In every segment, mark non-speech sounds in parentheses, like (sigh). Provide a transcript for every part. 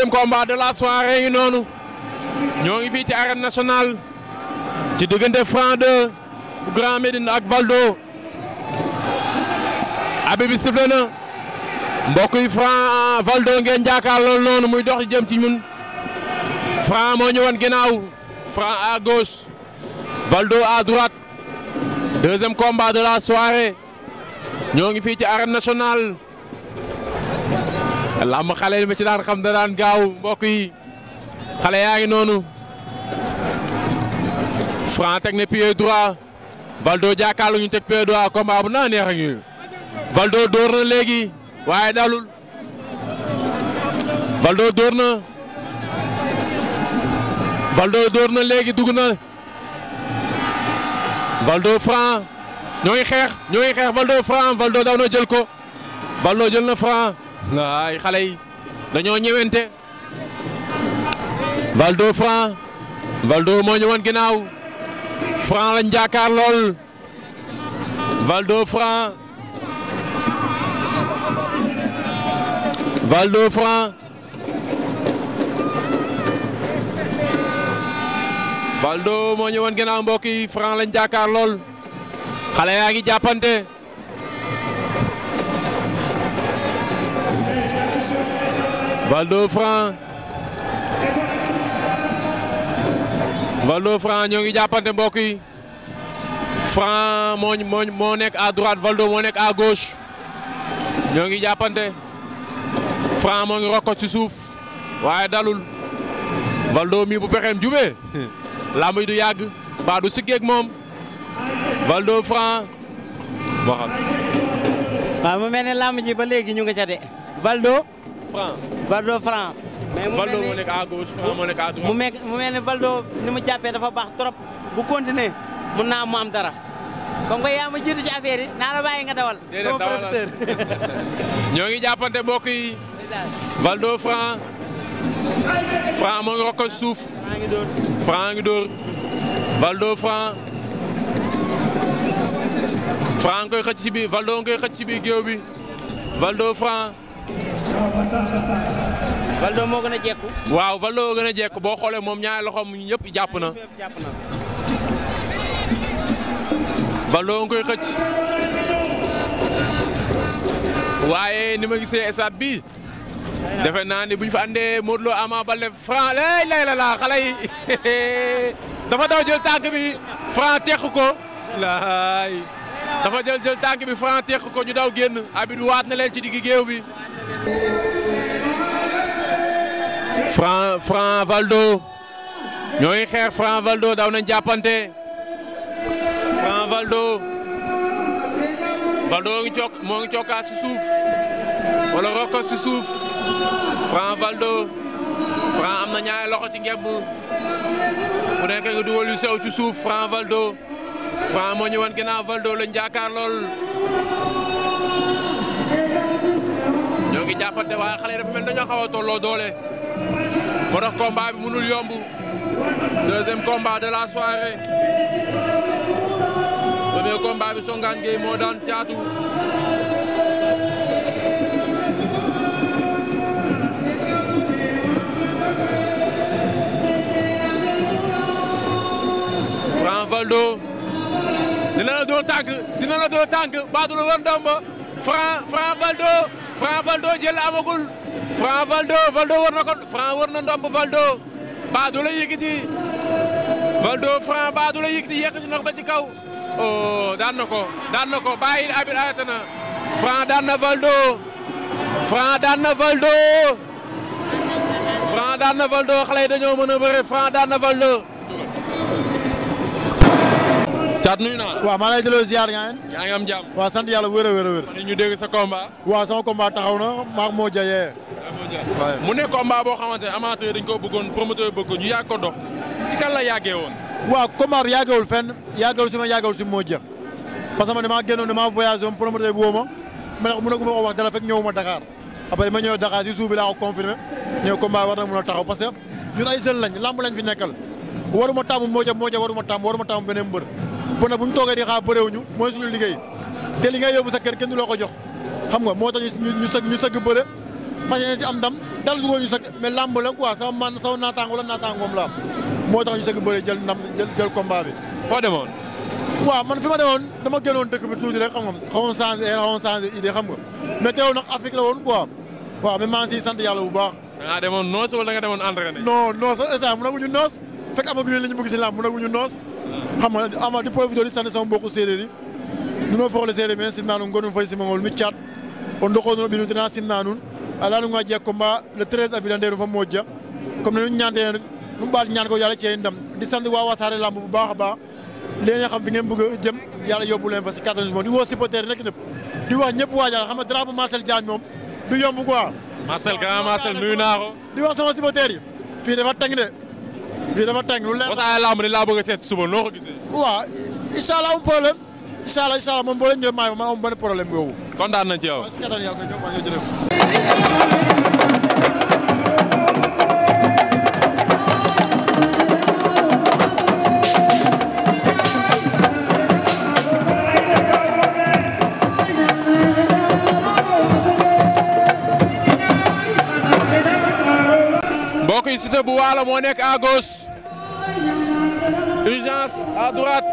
deuxième combat de la soirée ngi noonu ñoo ngi fii ci arène nationale ci diggante Franc 2 bu Médine ak Valdo abi bi sifflé na mbokk yi Franc Valdo ngeen jaakaar loolu noonu muy dox di jëm ci ñun Franc moo ñëwoon ginnaaw Franc à gauche Valdo à droite deuxième combat de la soirée ñoo ngi fii ci arène nationale làmb xale yi ci daan xam da daan gaaw mbokk yi xale yaa ngi noonu Franc teg ne pied droit Valdo jàkkaarloo ñu teg pied droit combat bu naa neex ak ñu Valdo dóor na léegi waaye dalul Valdo dóor na Valdo dóor na léegi dugg na Valdo Franc ñoo xeex ñoo ngi xeex Valdo Franc Valdo na jël ko Valdo jël na Franc waay xale yi dañoo ñëwante Valdo Franc Valdo moo ñëwoon ginnaaw Franc lañ jàkkaar lool Valdo Franc Valdo Franc Valdo moo ñëwoon ginnaaw mbokk yi Franc lañ jàkkaar lool xale yaa ngi jàppante Valdo Franc Valdo Franc ñoo ngi jàppante mbokk yi Franc moo moo moo nekk à droite Valdo moo nekk à gauche ñoo ngi jàppante Franc moo ngi roko ci suuf waaye dalul Valdo mii bu pexeem jubee làmb (laughs) du yàgg baa du siggeeg moom Valdo Franc waxal waaw mu mel ne làmb ba léegi ñu nga ca de Franc mu mel ni Valdo ni Valdo mu jàppee dafa baax trop bu continuer mun naa mu am dara. comme que yaa ma jiitu ci affaire yi nga dawal. déedéet dawal (laughs) ñoo ngi jàppante mbokk yi. Valdo Franc. Franc moo ngi rokk suuf. Franc ngi dóor. Valdo Franc. Franc koy xëcc ci bi Valdo nga ci bi géew bi Valdo Franc. Valdo moo waaw Valdo moo gën a jekku boo xoolee moom ñaari loxoom yëpp jàpp na. Valdo nga koy xëcc. waaye ni ma gise stade bi defe naa ni buñ ñu fa andee Modou Lo Ama Baldé Franc lay lay la xale yi (laughs) dafa daw jël tànk bi Franc teq ko laay dafa jël jël tànk bi Franc teq ko ñu daw génn abid waat na leen ci digg géew bi Franc Franc Valdo ñoo ngi xeex Franc Valdo daw nañ jàppante Franc Valdo Valdo moo ngi cokkaat ci suuf wala rokko ci suuf Franc Valdo Franc am na ñaari loxo ci ngemb ku nekk nga dugal yu sew ci suuf Valdo Franc moo ñu wan ginnaaw Valdo lañ jàkkaar lool jàppante waaye xale yi dafa mel dañoo xaw tolloo doole moo tax combat bi mënul yomb deuxième combat de la soirée premier combat bi Songane moo daan caatu Franc Valdo dina la doo tànk dina la doo tànk baatu la war ndomba Franc Franc Valdo Valdo jël amagul Franc Valdo Valdo war na ko Franc war na ndomb Valdo Badou la yëkkati Valdo Franc Badou la yëkkati yëkkati na ko ba ci kaw oh daan na ko daan na ko bàyyi abir arrêté na Franc daan na Valdo Franc daan na Valdo Franc daan na Valdo xale yi dañoo mën a bëre Franc daan na Valdo. waa nuyu naa waaw maa lay delloo ziar yaa ngeen yaa ngi am jàmm waaw sant yàlla wér a wér a wér ñu dégg na maak moo jayee mu ne combat boo xamante ne amateur dañ ko bëggoon promoteur bëgg ko ñu yàgg ko dox ci kan la yàggee woon waaw combat bi yàggewul fenn yàggewul si ma yàggewul si moo jë parce que man damaa génnoon damaa voyagé woon promoteur bi woo ma ma ne ko wax dara fekk ñëwuma Dakar après ma ñëw Dakar si suuf bi laa ko confirmé ñëw combat war na a taxaw parce que ñun ay jeunes lañ lamb lañ fi moo jë moo jë waruma tàmm waruma tàmm beneen mbër bon nag bu ñu toogee di xaar bëréewuñu mooy suñu liggéey te li ngay yóbbu sa kër kenn du loo ko jox xam nga moo tax ñu sëg ñu sëgg bëre fañee si am ndam dal ko ñu sëgg mais làmb la sama man sama naataango la naataangoom la moo tax ñu sëgg bëre jël ndam jël combat bi foo demoon waaw man fi ma demoon dama gënoon dëkk bi tuuti rek xam nga xawoon changé xawoon changé idée xam nga mais teew nag Afrique la woon quoi waaw mais maa ngi siy sant yàlla bu baax da nga demoon noos wala da nga demoon entraîné noos fekk amaguñu li ñu bëgg si làmb mënaguñu noos. xam nga ama di profité di sant sama mbokku séeréer yi. nuno foxle séeréer men simnanum gonum fay simangol miccat on dokonuno ɓinu tena simna nun a leyanunga jeg combat le 13 avril a ndeerum fo moƴja ne nu ñaantene nu mbaat ñaan ko yàlla ceeni ndam di sant waa Wassare Lamb bu baax a baax leene xam fi ngeen bëgg jëm yàlla yóbbu leen fa si kattan mo di woo supporter nekk ñëpp di wax ñëpp waajal xam di wax sama supporter yi fii dafa bii dafa tàng lu leer Wassare Lamb ni laa bëgg a seet suba noo ko gisee. waaw incha allah amul problème incha allah incha allah man man amul benn problème boobu. kontaan nañ Siteu bu waalo moo nekk à gauche urgence à droite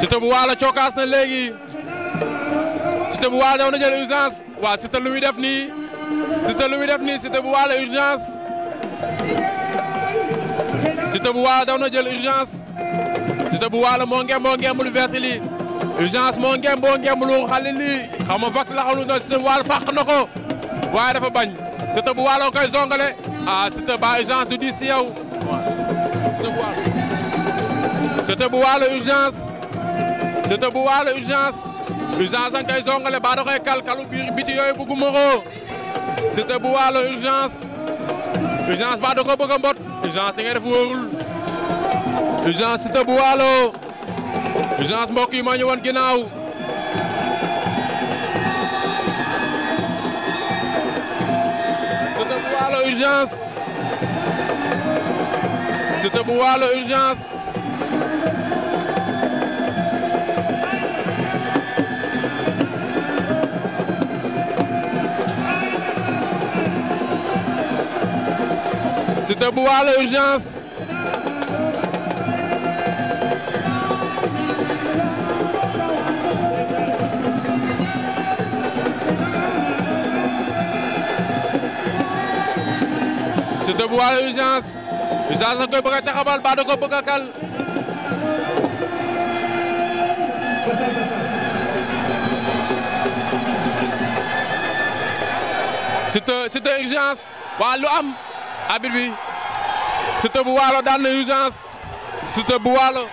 Siteu bu waalo na léegi Siteu bu waalo daw na jël urgence waa Siteu lu muy def nii lu muy def nii Siteu bu waalo daw na jël urgence Siteu bu waalo moo ngem moo ngemul verte li urgence moo ngem moo ngemul xale lii xaw ma vax la xaw ma Siteu bu waalo fàq na ko waaye dafa bañ Siteu bu waalo koy zongale ah Siteu ba urgence du di si yow. bu waalo urgence. Siteu bu waalo urgence. urgence da nga koy zongale ba da koy kal kalu biir bu waalo urgence. urgence ba da ko urgence li nga def urgence Siteu bu waalo. urgence mbokk yi moo ñu ginnaaw. urgence Siteu bu waalo urgence Siteu bu waalo urgence Fils de Balla Urgence waa lu am abit bi Siteu bu Waalo daan na Urgence Siteu bu Waalo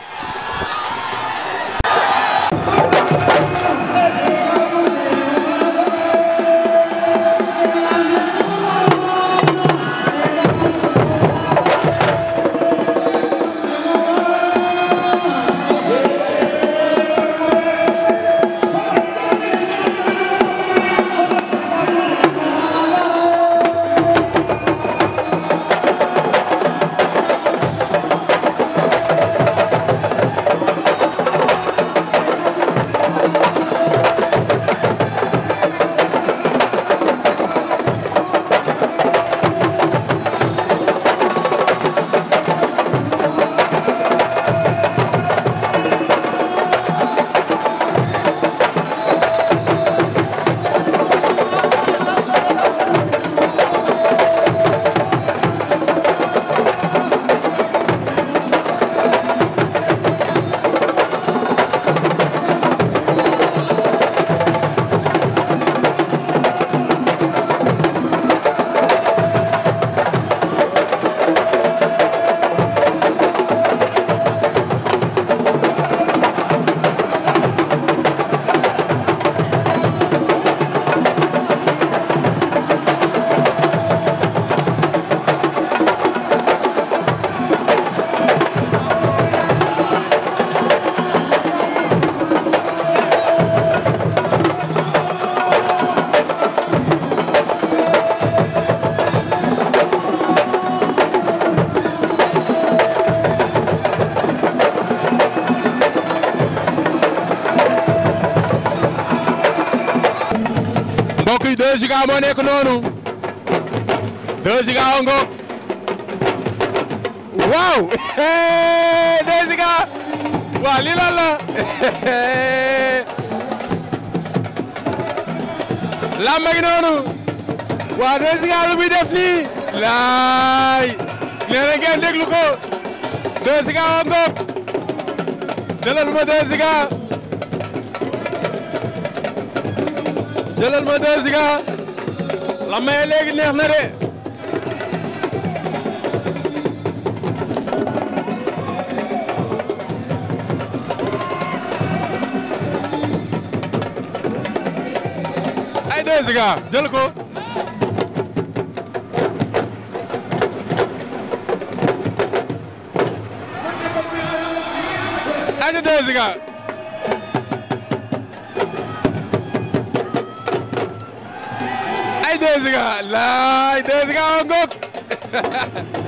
2 Giga moo nekk noonu 2 Giga ongo waaw 2 (laughs) Giga waaw lii lan la (laughs) làmb gi noonu waaw 2 Giga lu muy def nii laay nee na ngeen déglu ko 2 Giga ongo dalal ma 2 Giga jëlal ma deux Giga la léegi neex na de ay deux Giga jël ko ay deux Giga Deux Giga laay Deux Giga (laughs) wa ngoog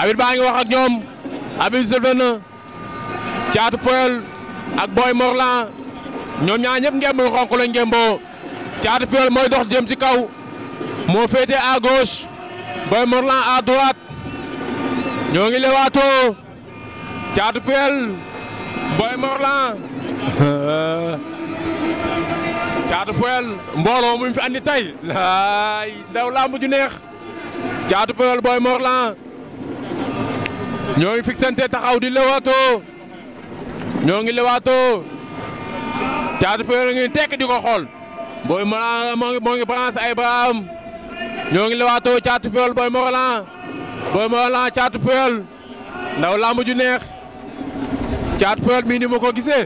abit baa ngi wax ak ñoom abit sëlfe na caatu Poyol ak Boy Morlan ñoom ñaar ñëpp ngeen muy xonk la ngemboo caatu Poyol mooy dox jëm ci kaw moo féete à gauche Boy Morlan à ñoo ngi lewaatoo caatu Poyol Boy Morlan (laughs) Caatu Poel mbooloo mu fi andi tey laay ndaw laa neex Caatu Poel Boy Morlan ñoo ngi fixante taxaw di lewaatoo ñoo ngi lewaatoo Caatu Poel ngi tekk di ko xool Boy Morlan moo ngi moo ngi ay braam ñoo ngi lewaatoo Caatu Poel Boy Morlan Boy Morlan Caatu ndaw laa neex. caat poyol mii ni ma ko gisee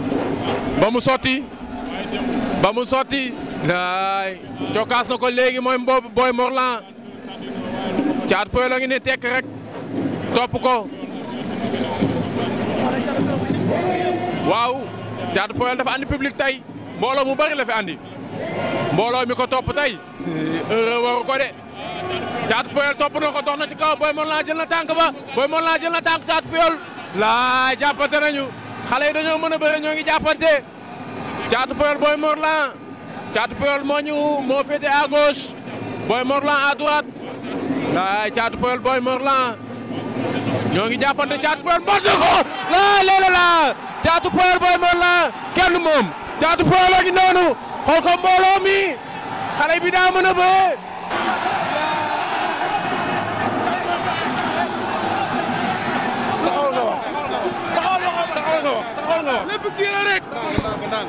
(laughs) ba mu sotti ba mu sotti ay cokaas na ko léegi mooy mboobu booy Morlan caat poyol a ngi ne tekk rek topp ko waaw caat poyol dafa andi public tey mbooloo mu bari la fi andi mbooloo mi ko topp tey heure (laughs) waru ko de caat poyol topp na ko dox na ci kaw booy Morlan jël na tànk ba booy Morlan jël na tànk caat poyol laa jàppante nañu xale yi dañoo mën a bëre ñoo ngi jàppante Thiatou Peulh Boy Morlan Thiatou Peulh moo ñu moo féete laay Thiatou Peulh Boy Morlan ñoo ngi jàppante Thiatou Peulh mbot na ko laa léeg-léeg laa Thiatou moom Thiatou Peulh la noonu xool ko mbooloo mi xale mën a ndànk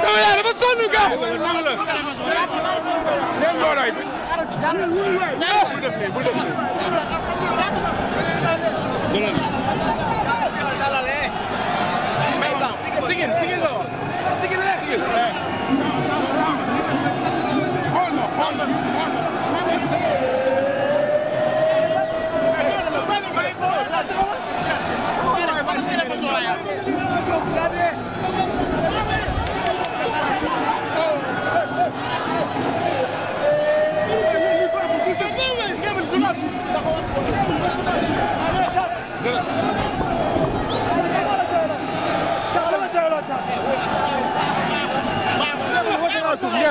sama yaay dafa sonn ga leen looloy bi bu def nii bu def nii sigil sigil la sigil sigil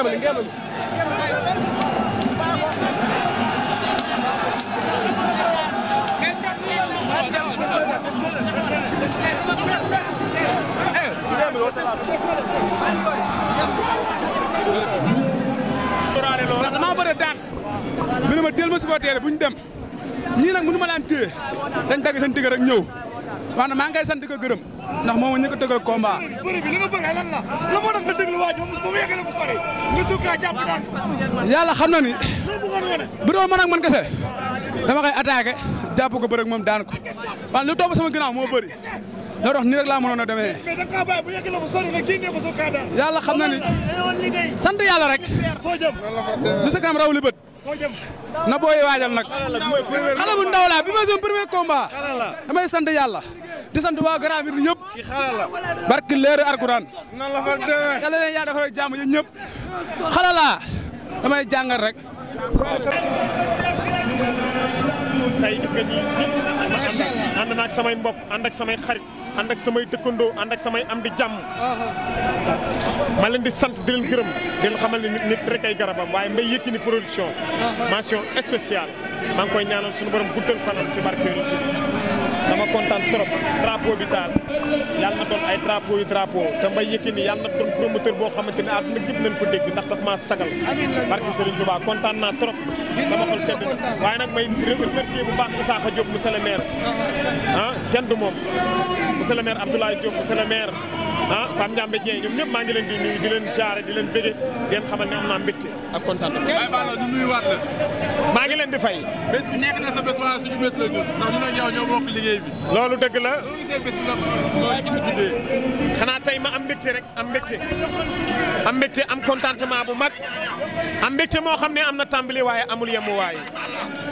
ngeen li ngeen ndax damaa bëri daan mu ma teel ma supporter bu ñu dem ñii nag mënu ma daan téye dañ dagg seen digg rek ñëw wax maa ngi koy sant di ko gërëm ndax moom ñu ko tëggal moo tax nga déglu waa ko sori nga yàlla xam na ni bu ma mën ak man kese dama koy attaqué jàpp ko bëri ak moom lu topp sama ginnaaw moo bëri loolu tax nii rek laa mënoon a demee. mais na ko sori nga yàlla xam na ni sant yàlla rek. foo jëm sa kanam raw bët. na booy waajal nag. xale ndaw laa bi ma seen premier combat damay sant yàlla. di sant waa Grand Médine ñëpp. ki xalal la barki leeru Alxuraan. nan la fa demee. yàlla leen yaa dafa jàmm yéen ñëpp. xalalaa damay jàngal rek. tey gis nga ñii ànd naa ak samay mbokk ànd ak samay xarit ànd ak samay dëkkandoo ànd ak samay am di jàmm. ma di sant di leen gërëm di leen xamal ni nit rek ay garabam waaye Mbaye Yékini production. Uh-huh. mention spéciale maa ngi koy ñaanal suñu borom guddal fanam ci barkeelu ci. dama kontaan trop drapeau bi daal yàlla na doon ay drapeau yu drapeau te Mbaye Yékini yàlla na doon promoteur boo xamante ne àdduna gépp nañ ko dégg ndax daf maa sagal barki Serigne Touba kontaan naa trop sama xol sedd na waaye nag may remercier bu baax Issakha Diop monsieur le maire ah. ah kenn du moom monsieur le maire Abdoulaye Diop monsieur le maire ah Pape Ndiambe Dieng ñoom ñëpp maa ngi leen di nuyu di leen jaare di leen bëgge di leen xamal ne am naa mbégte ak kontaan Baye Balla ñu nuyu waat maa ngi leen di fay bés bi nekk na sa bés wala suñu bés loolu dëgg la xanaa tey ma am mbégte rek am mbégte am mbégte am contentement bu mag am mbégte moo xam ne am na tàmbali waaye amul yamu waaye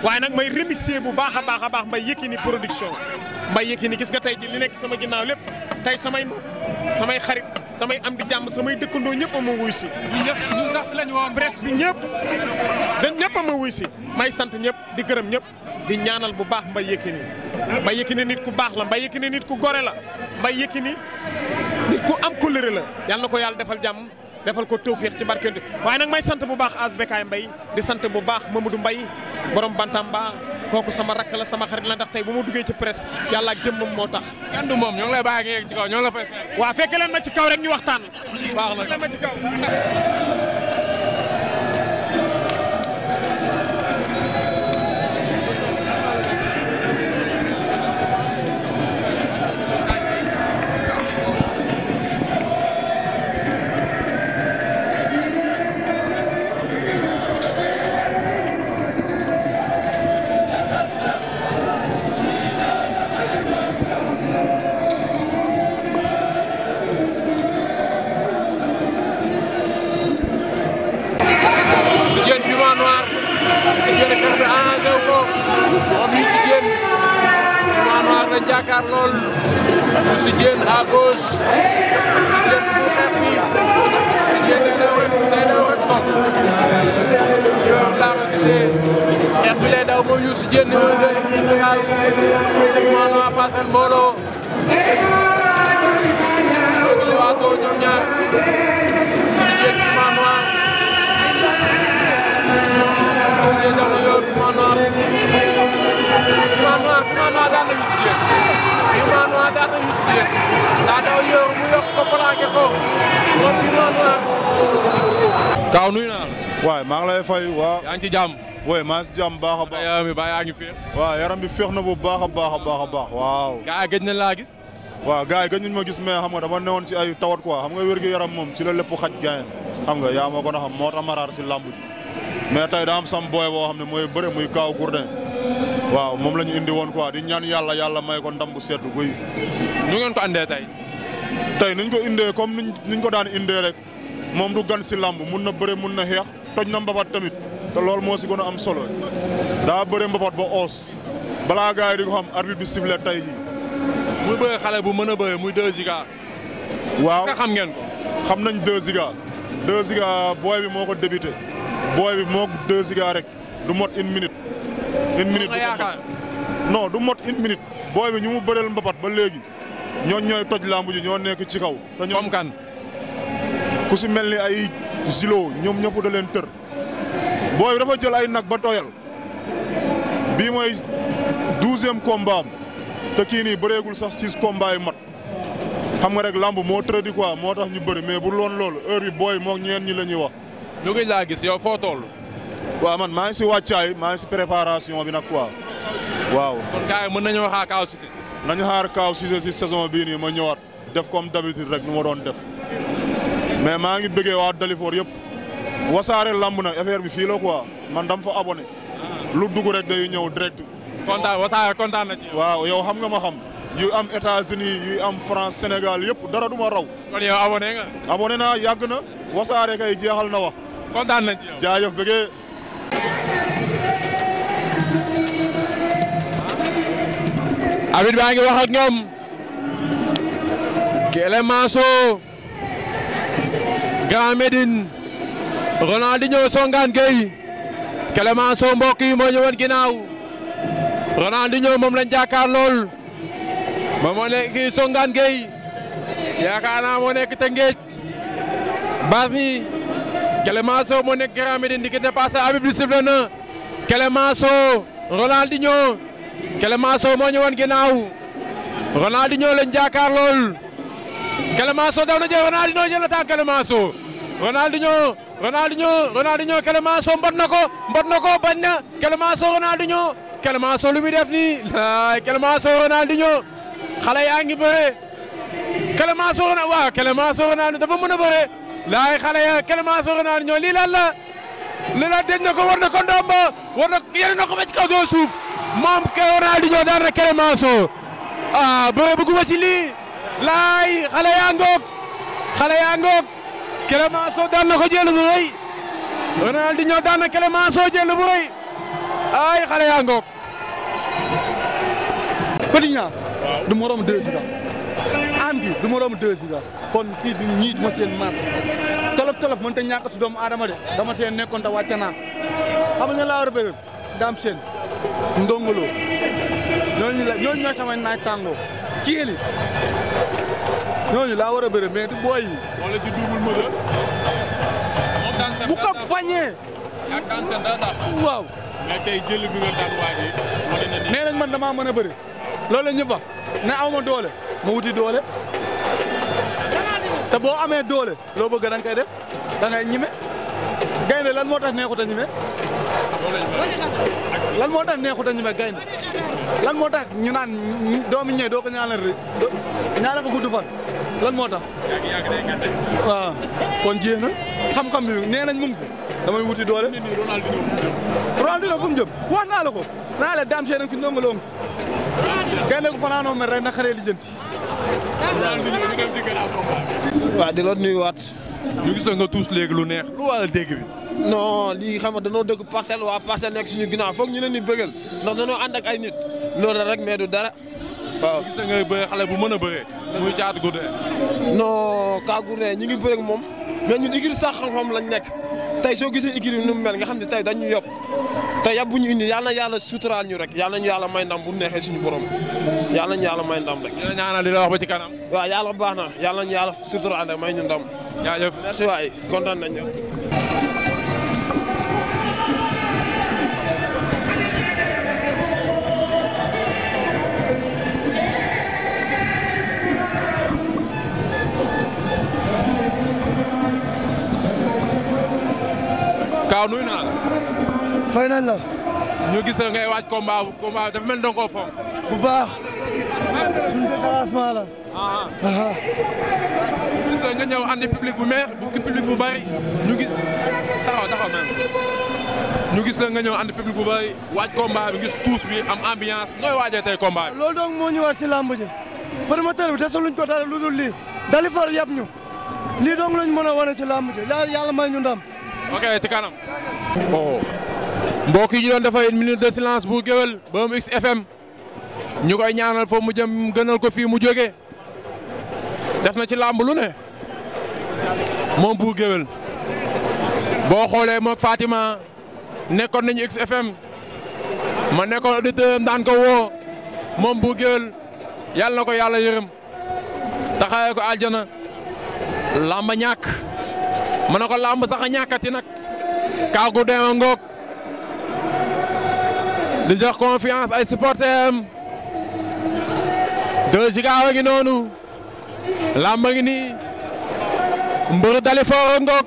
waaye nag may remercier bu baax a baax a baax Mbaye Yékini production Mbaye Yékini gis nga tey ji li nekk sama ginnaaw lépp tey samay samay xarit samay am di jàmm samay dëkkandoo ñëpp a ma wuy si. ñu sax lañu woon presse bi ñëpp dañ ñëpp a ma wuy si may sant ñëpp di gërëm ñëpp di ñaanal bu baax Mbaye Yékini Mbaye Yékini nit ku baax la Mbaye Yékini nit ku gore la Mbaye Yékini nit ku am kóllëre la yal na ko yàlla defal jàmm defal ko tawféex ci barkante waaye nag may sant bu baax Asbekaay Mbaye di sant bu baax Mamadou mbay borom Bantamba. kooku sama rakk la sama xarit la ndax tey bu ma duggee ci presse yàlla ak jëmmam moo tax. kenn du moom ñoo ngi lay bàyyi nga yegg ci kaw ñoo la fay fekk. waaw fekk leen ma ci kaw rek ñu waxtaan. baax na ma ci kaw. Youssou Ndour daa daw Kaaw nuyu naa waaye maa ngi lay fay waaw. yaa ci jàmm. oui maa ngi si jàmm baax a baax. yaram bi ba bi féex na bu baax a baax a baax a baax waaw. gaa gëj nañ laa gis. waa gars yi gëj nañ ma gis mais xam nga dama newoon ci ay tawat quoi xam nga wérgu yaram moom ci la lépp xaj gaayen xam nga yaa ma ko xam moo tax ma raar si làmb ji mais tey daa sam booy boo xam ne mooy bëre muy Kaaw Gourdin waaw moom la ñu indi woon quoi di ñaan yàlla yàlla may ko ndam bu seddu guy. nu ngeen ko andee tey. tey niñ ko indee comme niñ ko daan indee rek moom du gan si làmb mun na bëre mun na xeex toj na mbapat tamit te loolu moo si gën a am solo daa bëre mbapat ba oos balaa gars yi di ko xam arbitre bi sifflé tey jii. muy bëre xale bu mën a bëre muy 2 Giga. waaw nga xam ngeen ko. xam nañ 2 Giga 2 Giga booy bi moo ko débuté booy bi moo 2 Giga rek du mot une minute. une minute non du mot une minute booy bi ñu mu bëreel mbapat ba léegi ñoo ñooy toj lamb ji ñoo nekk ci kaw. te ñoom kan ku si mel ni ay zilo ñoom ñëpp da leen tër booy bi dafa jël ay nag ba tooyal bii mooy douzième combat am te kii nii bëreegul sax six combat yi mat xam nga rek lamb moo tëradi quoi moo tax ñu bëri mais bu loon loolu heure bi booy moog ñeen ñi la ñuy wax. ñu gis yow foo toll. waaw man maa ngi si wàccaay maa ngi si préparation bi nag quoi waaw. kon na yi mën nañoo xaar Kaaw Cissé. nañu xaar Kaaw si saison bii nii ma ñëwaat def comme d'habitude rek nu ma doon def mais maa ngi bëggee waat Dalifor yëpp wasaare lamb na affaire bi fii la man dam fa abonné ah. lu dugg rek day ñëw direct. kontaan wasaare kontaan waaw yow xam nga ma xam. yu am États-Unis yu am France Sénégal yëpp dara du ma raw. kon yow naa yàgg na wasaare kay jeexal na wax. kontaan nañ abit baa ngi wax ak ñoom Kelle Manso Grand Médine Ronaldinho Songane Gueye Kelle Manso mbokk yi moo ñëwoon ginnaaw Ronaldinho moom lañ jàkkaar lool moom moo nekk Songane Gueye yaakaar naa moo nekk Tëngéej bas ni Kelle Manso moo nekk di ki dépassé abit bi sifle na Kelle Manso Clémenceau moo ñu wan ginnaaw Ronaldinho lañ jàkkaar lool Clémenceau daw na jël Ronaldinho jël na tànk Clémenceau Ronaldinho Ronaldinho Ronaldinho Clémenceau mbot na ko bañ na Clémenceau Ronaldinho Clémenceau lu muy def nii laay Clémenceau Ronaldinho xale yaa ngi bëre Clémenceau Ronaldinho waaw Clémenceau Ronaldinho dafa mën a laay xale ya Clémenceau Ronaldinho lii lan la lii war na ko war na yéene na ko ba ci moom kay Ronaldinho daan na Clémenceau ah bëre bëgguma ci lii laay xale yaa ngoog xale yaa ngoog Clémenceau ko jël bu rëy Ronaldinho daan na Clémenceau jël bu rëy ay xale yaa ngoog. Petit Niang. moroom deux Giga. Andy du moroom deux Giga. kon kii du ñiit ma seen maas tolof tolof mënut a ñàkk si doomu de dama seen nekkoon te wàcce naa xam nga laa war a bëri seen. ndongoloo Lo ñooñu la ñooñu ñooy sama naaj tàngoo Thiély ñooñu laa war a bëre mais du booy yi. wala ci double moteur. bu ko bañee. waaw. mais bi nga man damaa mën a bëri loolu ñu fa ne aw ma doole ma wuti doole te boo amee doole loo bëgg da nga koy ñime gaynde lan moo tax neexut a ñime. lan moo tax neexut a ñeme gaynde lan moo tax ñu naan doomu ñëwee doo ko ñaanal rek ñaanal ko gudd fan lan moo tax. waaw kon jéem na xam-xam bi nee nañ mu ngi fi wuti doole. Ronaldinho fu mu jëm wax naa la ko naa la daam seen fi ndongoloo ngi fi gaynde ko fanaanoo mer rek naqaree lijjanti. waaw di la nuyuwaat. ñu gis nga tuus léegi lu neex lu wàll dégg bi. non lii xam nga danoo dëkk parcel waa parcelle nekk suñu ginaa foog ñu leen di bëggal ndax danoo ànd ak ay nit loolu rek mais du dara waaw. gis nga bëre xale bu mën a bëree. muy Caatu Gourdin. non Ka Gourdin ñi ngi bëre ak moom mais ni igir sax xam-xam lañ nekk tey soo gisee igir nu mu mel nga xam ne tey dañu yob te yab bu ñu indi yàlla na yàlla suturaal ñu rek yàlla nañu yàlla may ndam bu neexee suñu borom yàlla nañu yàlla may ndam rek. yàlla ñaanal di la wax ba ci kanam. waaw yàlla baax na yàlla nañu yàlla suturaal rek may ñu ndam. jaajëf merci Kaaw nuyu naa la. nañ la. ñu gis ngay waaj combat combat dafa mel ni da nga koo foofu. bu baax. suñu déplacement la. ah. ah. gis andi public bu meer bu public bu bari ñu gis taxaw taxaw man ñu gis la nga ñëw ànd public bu bari waaj combat bi gis tuus bi am ambiance nooy waajee tey combat bi. loolu donc moo ñu war ci làmb ji promoteur bi desaluñ ko dara lu dul lii yab ñu lii donc lañ mën a wane ci làmb ji yàlla may ñu ndam. ok ci kanam. oh mbokk yi ñu doon defar une minute de silence bu géwél Boom X FM ñu koy ñaanal foofu mu jëm gënal ko fii mu jógee def na ci làmb lu ne moom bu géwél boo xoolee moo Fatima nekkoon nañu X FM ma nekkoon auditeur daan ko woo moom bu géwél yàlla na ko yàlla yërëm taxawee ko aljana làmba ñàkk. ma ne ko làmb sax a ñàkkati nag kaagu dema ngoog di jox confiance ay supporters am deux Giga ngi noonu làmb ngi nii mbër dali foora ngoog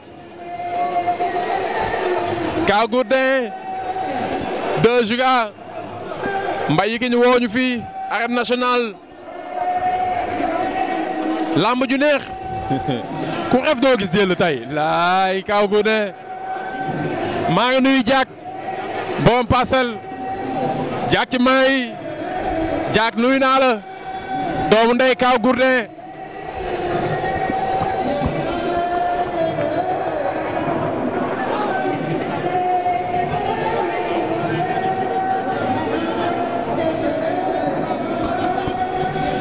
kaagu den deux Giga mbay yi ki wooñu fii arène national làmb ju neex (laughs) ku xef doo gis jël tey laay kaw gu maa ngi nuy jaak boom parcelle jaak ci may jaak nuyu naa la doomu kaw gurne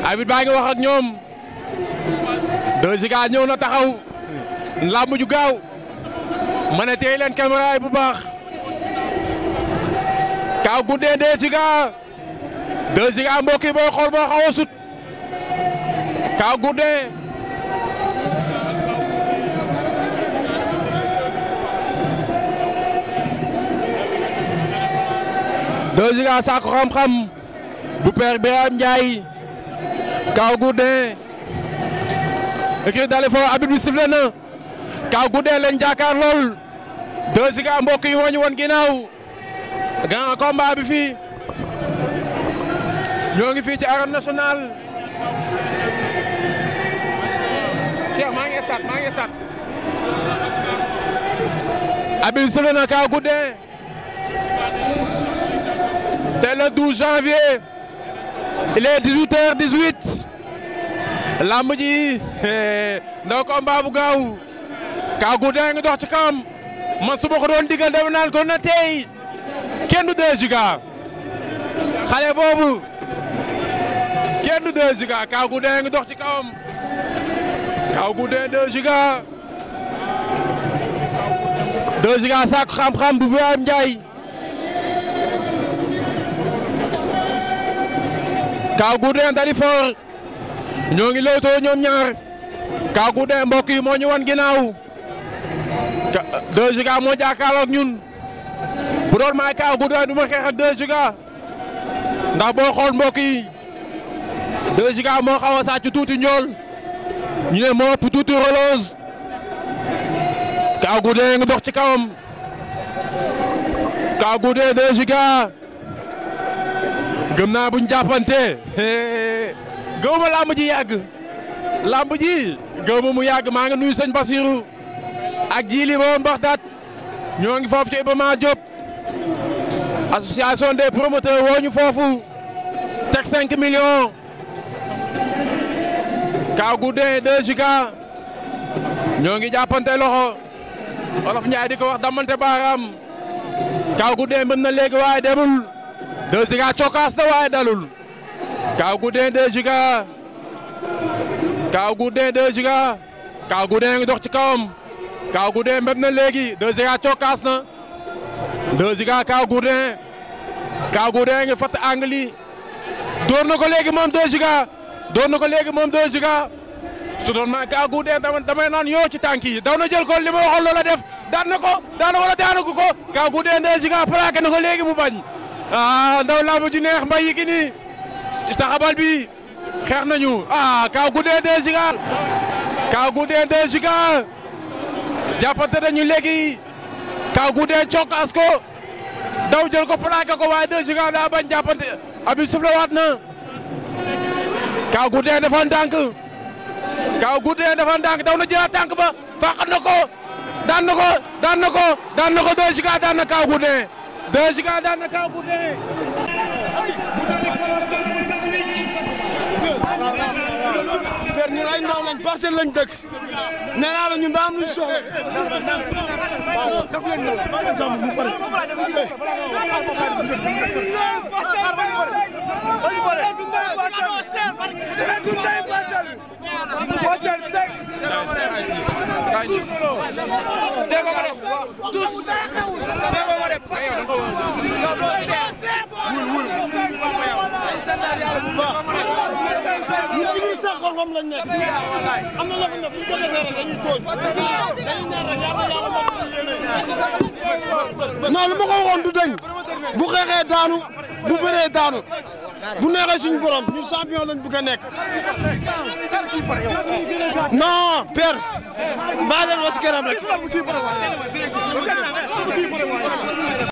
abit baa ngi wax ñoom Deux Giga na taxaw làmb ju gaaw ma leen caméra bu baax Kaw Goundé Deux Giga Deux Giga xool boo xaw a sut Kaw Goundé Deux xam-xam bu père Birame Ndiaye Kaw Goundé écurie Dalifort arbitre bi sifflé na Kaw Gourdin leen jàkkaar lool Deux Giga mbokk yi wañu woon ginnaaw grand combat bi fii ñoo ngi fii ci arène national Cheikh maa ngi sat maa ngi sat arbitre na Kaw Gourdin te le 12 janvier il est lamb ji (laughs) ndaw combat bu gaaw Kaw Gourdin dox ci kawam man su ko doon digal dem naan ko na tey kenn du 2 Giga xale boobu kenn du 2 Giga Kaw Gourdin ngi dox ci kawam Kaw Gourdin 2 Giga 2 Giga sàkku xam-xam bu Birame Ndiaye Kaw Gourdin dari ñoo ngi lewtoo ñoom ñaar Kakou Dé mbokk yi moo ñu wan ginnaaw Deux Giga moo jàkkaarloog ñun bu doon maay Kakou Dé du ma xeex ak ndax boo xool mbokki yi Deux Giga moo xaw a tuuti ñool ñu ne moo ëpp tuuti relose Kakou Dé nga dox ci kawam Kakou Dé Deux Giga gëm naa buñ jàppante (laughs) gëw ma làmb ji yàgg làmb ji gëw mu yàgg maa ngi nuyu sëñ Basiru ak jiili boobu mbax daat ñoo ngi foofu ci Iba Mar Diop association des promoteurs woo foofu teg 5 Kaw Gourdin 2 ñoo ngi jàppante loxo Olof Ndiaye di ko wax damante baaraam Kaw Gourdin mën na léegi waaye demul 2 Giga na waaye dalul. Kaw Gourdin 2 Giga Kaw Gourdin 2 Giga Kaw Gourdin ngi dox ci kawam Kaw Gourdin mbëb na léegi 2 Giga cokkaas na 2 Giga Kaw Gourdin Kaw Gourdin ngi angli door na ko léegi moom 2 Giga door ko léegi moom 2 Giga su doon ma Kaw Gourdin damay naan yoo ci tànk yi daw na jël ko li def daan ko daan wala daanu ko Kaw Gourdin 2 Giga plaqué ko léegi mu bañ ah ndaw làmb neex mbay yi ci taxabal bi xeex nañu ah Kaw Gourdin 2 Giga Kaw Gourdin 2 Giga jàppante nañu léegi Kaw Gourdin ko daw jël ko plaqué ko waaye 2 Giga daa bañ jàppante abi sufle waat na Kaw Gourdin dafa ndànk Kaw Gourdin dafa ndànk daw na jëlaat tànk ba fàqat na ko daan na ko daan na fer ñun ay ndaw lañ parcelle lañ dëkk nee naa la ñun daa am luñ soxla. daf leen ñëw. lañ nekk na naan rek yàlla yàlla non lu ma bu xeexee daanu bu bëree daanu bu neexee suñu borom ñu champion lañ bëgg a nekk non père baa leen